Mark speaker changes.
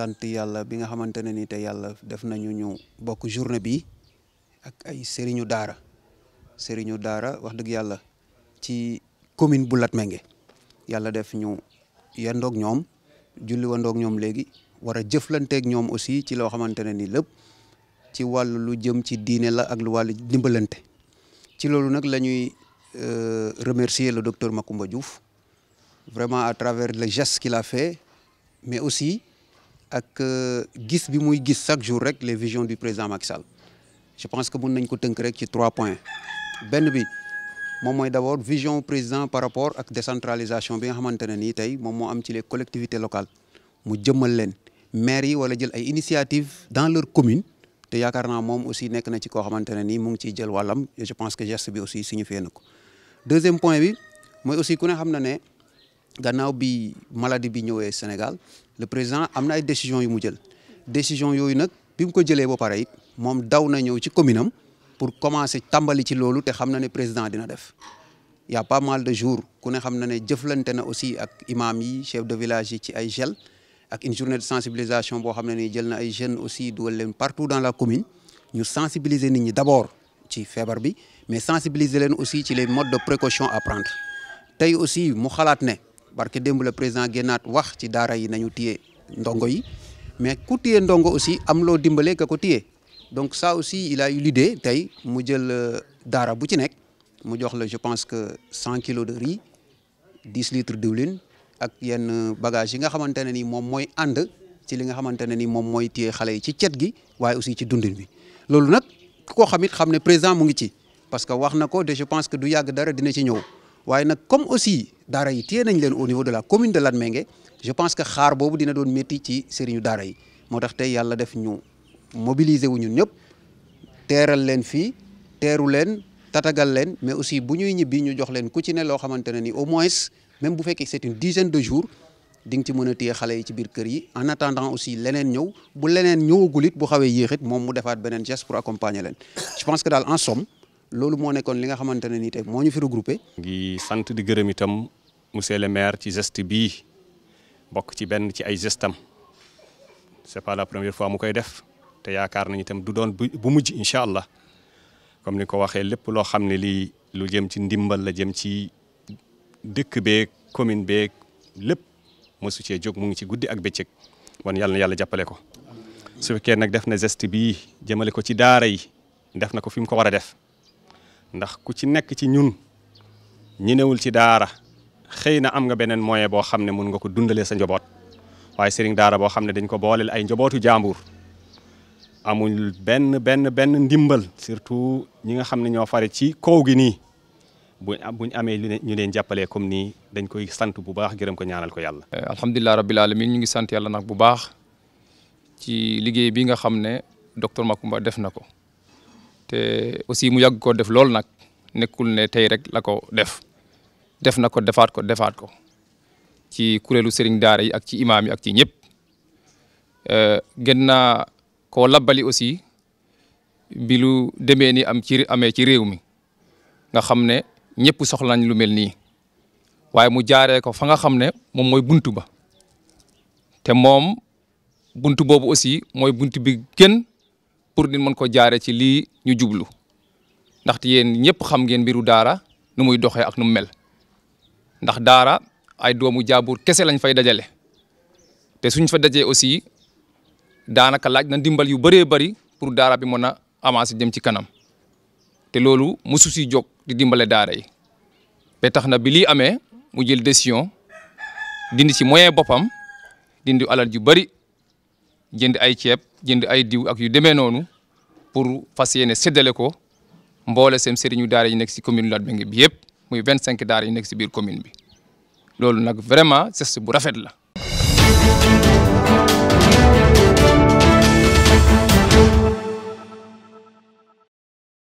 Speaker 1: sant yàlla bi nga xamante ne ni te yàlla def nañu ñu bokk journée bi ak ay sëriñu daara sëriñu daara wax dëgg yàlla ci commune bu lat Latmingué yàlla def ñu yendoog ñoom julli wandoog ñoom léegi war a jëflanteeg ñoom aussi ci loo xamante ne ni lépp ci wàllu lu jëm ci diine la ak lu wàllu dimbalante ci loolu nag la euh, remercier le docteur Macoumba Diouf vraiment à travers le geste qu'il a fait mais aussi ak euh, gis bi muy gis chaque jour rek les vision du président Macky Sall je pense que mun nañ ko tënk rek ci trois points benn bi moom mooy d'abord vision président par rapport ak décentralisation bi nga xamante ne nii tey moom moo am ci les collectivité local mu jëmmal leen maires yi wala jël ay initiatives dans leur commune te yaakaar naa moom aussi nekk na ci koo xamante ne nii mu ngi ciy jël wàllam je pense que geste bi aussi signifié na ko deuxième point bi mooy aussi ku ne xam na ne gannaaw bi maladie bi ñëwee Sénégal le président am na ay décision yu mu jël décision yooyu nag bi mu ko jëlee ba pare moom daw na ñëw ci commune am pour commencer tàmbali ci loolu te xam na ne président dina def y a pas mal de jours ku ne xam na ne jëflante na aussi ak imam yi chef de village yi ci ay gel ak une journée de sensibilisation boo xam ne ni jël na ay jeunes aussi dugal leen partout dans la commune ñu sensibiliser nit ñi d'abord ci feebar bi mais sensibiliser leen aussi ci les modes de précaution à tey aussi mu xalaat ne barke démb la président naat wax ci daara yi nañu téye ndongo yi mais ku téye ndongo aussi am loo dimbalee ka ko téye donc ça aussi il a eu tey mu jël euh, daara bu ci nekk mu jox la je pense que cent kilos de riz dix litres diwlin ak yenn euh, bagage yi nga xamante ne ni moom mooy ànd ci li nga xamante ne ni moom mooy xale yi ci cet gi waaye aussi ci dundin bi loolu nag ku ko xam it xam ne président mu ngi ci parce que wax na ko te je pense que du yàgg dara dina ci ñow waaye nag comme aussi daara yi téye nañ leen au niveau de la commune de Latmingué je pense que xaar boobu dina doon métti ci sëriñu daara yi moo tax te yàlla def ñu mobiliser wu ñu ñëpp teeral leen fii teeru leen tatagal leen mais aussi bu ñuy ñibbi ñu jox leen ku ci ne loo xamante ne ni au moins même bu fekkee c'est une dizaine de jour di nga ci mën a téye xale yi ci biir yi en attendant aussi leneen ñëw bu leneen ñëwagul it bu xawee yéexit moom mu defaat beneen geste pour accompagner leen je pense en somme loolu moo nekkoon li nga xamante ne nii tey moo ñu fi regroupé.
Speaker 2: ngi sant di gërëm itam monsieur le maire ci geste bii mbokk ci benn ci ay gestam c'est pas la première fois mu koy def te yaakaar nañu itam du doon bu mujj incha allah comme ni ko waxee lépp loo xam ne lii lu jëm ci ndimbal la jëm ci dëkk beeg commune beeg lépp mosu cee jóg mu ngi ci guddi ak bëccëg wan yàlla na yàlla jàppale ko su fekkee nag def na geste bi jëmale ko ci daara yi def na ko fi mu ko war a def. ndax ku ci nekk ci ñun ñi newul ci daara xëy na am nga beneen moyen boo xam ne mun nga ko dundalee sa njaboot waaye sëriñ daara boo xam ne dañ ko booleel ay njabootu jàmbur amul benn benn benn ndimbal surtout ñi nga xam ne ñoo fare ci kaw gi nii bu buñ amee ñu leen jàppalee comme nii dañ koy sant bu baax gërëm ko ñaanal ko yàlla eh,
Speaker 3: alhamdulilah rabbil alamin ñu ngi sant yàlla nag bu baax ci liggéey bi nga xam ne docteur Macoumba def na ko te aussi mu yàgg koo def loolu nag nekkul ne tey rek la ko def def na ko defaat ko defaat ko ci kuréelu sëriñ daara yi ak ci imaam yi ak ci ñëpp euh, gën naa koo labbali aussi bi lu demee ni am ci amee ci réew mi nga xam ne ñëpp soxla nañ lu mel nii waaye mu jaaree ko fa nga xam ne moom mooy buntu ba te moom buntu boobu aussi mooy buntu bi gën pour di mën ko jaare ci lii ñu jublu ndaxte yéen ñëpp xam ngeen mbiru daara nu muy doxee ak nu mu mel ndax daara ay doomu jaabur kese lañ fay dajale te suñ fa dajee aussi daanaka laaj na ndimbal yu bëree bari pour daara bi mën a avancer jëm ci kanam te loolu mosu si jóg di dimbale daara yi ba tax na bi lii amee mu jël décision dindi ci moyen boppam dindi alal yu bari jënd ay ceeb jënd ay diw ak yu demee noonu pour fas yéene séddale ko mboole seen sëriñu daara yi nekk si commune Latmingué bi yëpp muy 25 daara yi nekk si biir commune bi loolu nag vraiment sess bu rafet la.